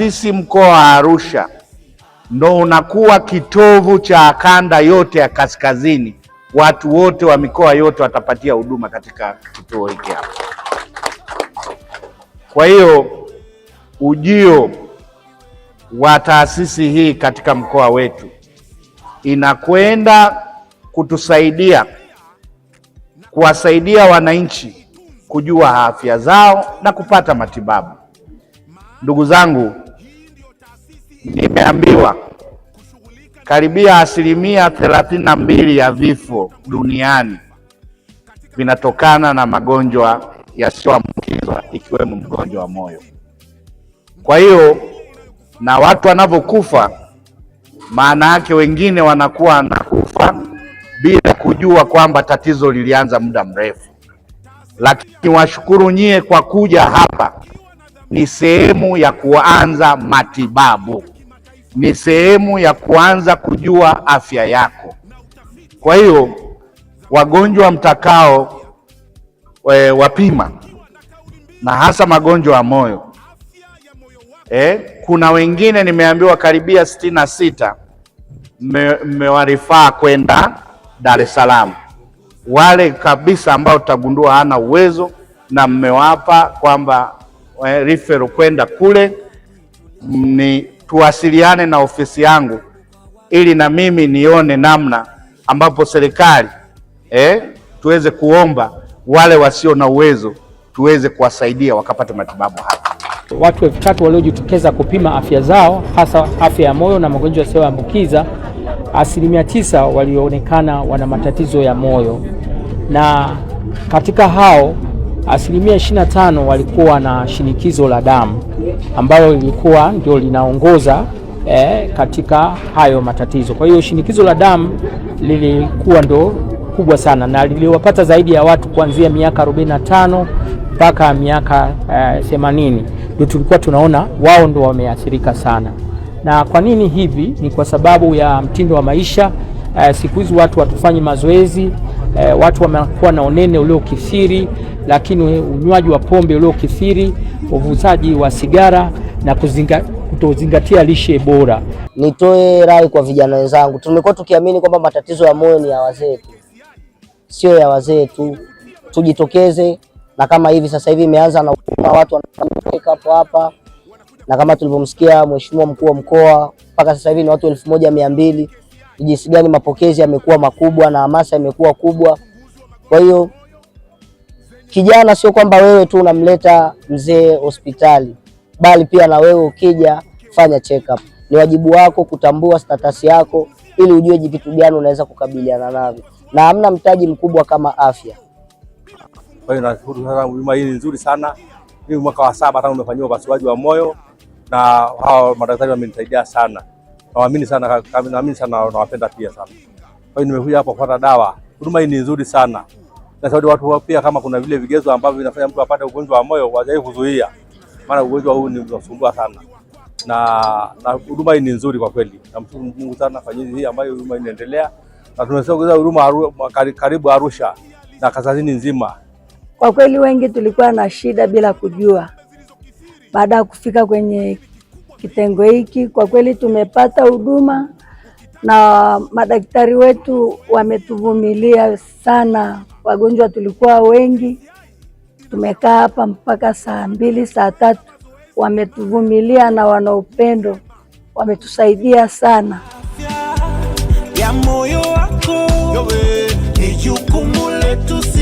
sisi mkoa wa Arusha ndo unakuwa kitovu cha kanda yote ya kaskazini. Watu wote wa mikoa yote watapatia huduma katika kituo hiki hapa. Kwa hiyo ujio wa taasisi hii katika mkoa wetu inakwenda kutusaidia kuwasaidia wananchi kujua afya zao na kupata matibabu. Ndugu zangu, Nimeambiwa karibia asilimia thelathini na mbili ya vifo duniani vinatokana na magonjwa yasiyoambukizwa ikiwemo mgonjwa wa moyo. Kwa hiyo na watu wanavyokufa, maana yake wengine wanakuwa wanakufa bila kujua kwamba tatizo lilianza muda mrefu. Lakini washukuru nyie kwa kuja hapa ni sehemu ya kuanza matibabu, ni sehemu ya kuanza kujua afya yako. Kwa hiyo wagonjwa mtakao e, wapima na hasa magonjwa ya moyo e, kuna wengine nimeambiwa karibia sitini na sita mmewarifaa kwenda Dar es Salaam, wale kabisa ambao tutagundua hana uwezo na mmewapa kwamba Eh, referral kwenda kule, ni tuwasiliane na ofisi yangu ili na mimi nione namna ambapo serikali eh, tuweze kuomba wale wasio na uwezo tuweze kuwasaidia wakapate matibabu hapa. Watu elfu tatu waliojitokeza kupima afya zao hasa afya ya moyo na magonjwa yasiyoambukiza, asilimia tisa walioonekana wana matatizo ya moyo na katika hao asilimia 25 walikuwa na shinikizo la damu ambalo lilikuwa ndio linaongoza eh, katika hayo matatizo. Kwa hiyo shinikizo la damu lilikuwa ndo kubwa sana na liliwapata zaidi ya watu kuanzia miaka 45 mpaka miaka eh, 80 ndio tulikuwa tunaona wao ndo wameathirika sana. Na kwa nini hivi? Ni kwa sababu ya mtindo wa maisha. Eh, siku hizi watu watufanyi mazoezi eh, watu wamekuwa na unene uliokithiri lakini unywaji wa pombe uliokithiri, uvuzaji wa sigara na kuzinga, kutozingatia lishe bora. Nitoe rai kwa vijana wenzangu, tumekuwa tukiamini kwamba matatizo ya moyo ni ya wazee tu, sio ya wazee tu. Tujitokeze na kama hivi sasa hivi imeanza na kuna watu wanafanya hapa, na kama tulivyomsikia mheshimiwa mkuu wa mkoa, mpaka sasa hivi ni watu elfu moja mia mbili. Jinsi gani mapokezi yamekuwa makubwa na hamasa imekuwa kubwa, kwa hiyo Kijana sio kwamba wewe tu unamleta mzee hospitali, bali pia na wewe ukija fanya check up. Ni wajibu wako kutambua status yako ili ujue vitu gani unaweza kukabiliana navyo, na hamna mtaji mkubwa kama afya. Kwa hiyo nashukuru sana, huduma hii ni nzuri sana. Mimi mwaka wa saba tangu nimefanyiwa upasuaji wa moyo na hao madaktari wamenisaidia sana, naamini sana, naamini sana, nawapenda pia sana. Kwa hiyo nimekuja hapa kupata dawa. Huduma hii ni nzuri sana. Nashauri watu pia, kama kuna vile vigezo ambavyo vinafanya mtu apate ugonjwa wa moyo wajai kuzuia, maana ugonjwa huu ni unasumbua sana, na na huduma hii ni nzuri kwa kweli. Namshukuru Mungu sana kwa hii ambayo huduma inaendelea, na tunasogeza huduma karibu Arusha na kaskazini nzima. Kwa kweli wengi tulikuwa na shida bila kujua. Baada ya kufika kwenye kitengo hiki, kwa kweli tumepata huduma na madaktari wetu wametuvumilia sana. Wagonjwa tulikuwa wengi, tumekaa hapa mpaka saa mbili saa tatu. Wametuvumilia na wana upendo, wametusaidia sana. ya moyo wako ni jukumu letu.